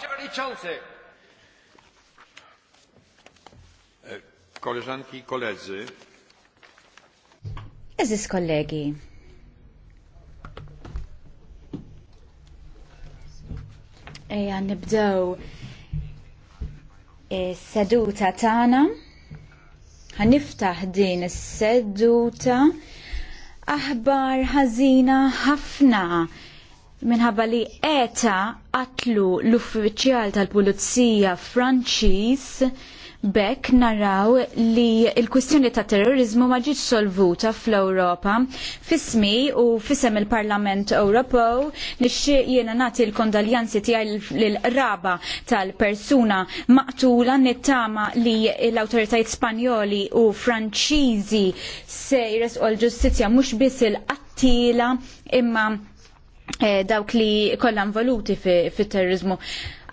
Przewodniczący! E, koleżanki i koledzy. Eżis kolegi. Eja, nibdow e, seduta tana. Ħaniftaħ din seduta aħbar ħażina ħafna minħabba li eta qatlu l-uffiċjal tal-Pulizija Franċiż Bekk naraw li il-kwistjoni ta' terrorizmu ma ġietx solvuta fl-Ewropa. Fismi u fisem il-Parlament Ewropew nixtieq jiena nagħti l-kondaljanzi tiegħi l-raba tal-persuna maqtula nittama li l-awtoritajiet Spanjoli u Franċiżi se jresqu l-ġustizzja mhux biss il-qattila imma Eh, dawk li kollha involuti fit-terrorizmu.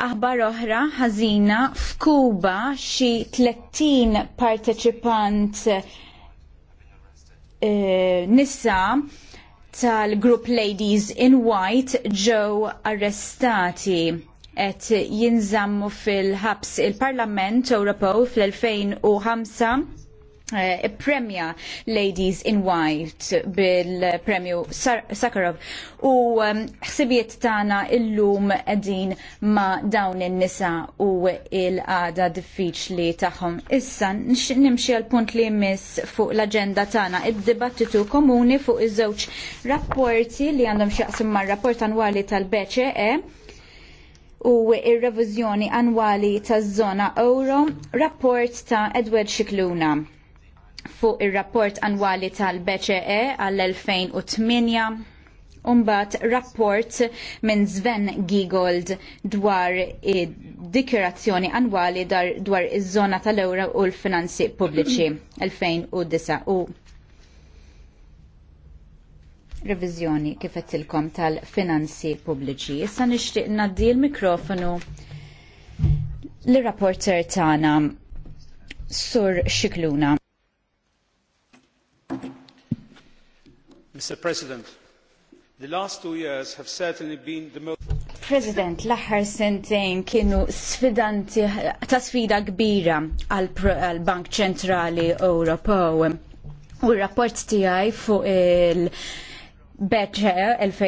Aħbar oħra ħażina f'Kuba xi 30 parteċipant eh, nisa tal grupp Ladies in White ġew arrestati et jinżammu fil-ħabs il-Parlament Ewropew fl-2005 Eh, premja Ladies in White bil-premju Sakharov u um, ħsibiet tana tagħna illum qegħdin ma dawn in-nisa u il-għada diffiċli tagħhom. Issa nimxi għal punt li jmiss fuq l-aġenda tagħna id-dibattitu komuni fuq iż-żewġ rapporti li għandhom x'jaqsim mar-rapport annwali tal-BCE u ir-reviżjoni annwali taż-żona Euro, rapport ta' Edward Xikluna fuq ir-rapport annwali tal-BCE għall-2008 Umbat rapport minn Sven Giegold dwar dikjerazzjoni annwali dwar iż-żona tal-ewra u l-finanzi pubbliċi 2009 u revizjoni kifettilkom tal-finanzi pubbliċi. Issa nixtieq ngħaddi l-mikrofonu l-rapporter tagħna Sur Xikluna. Mr. President, the last two years have certainly been the most President, l-aħħar sentejn kienu sfidanti ta' sfida kbira għal Bank Ċentrali Ewropew. U r-rapport tiegħi fuq il-Beċe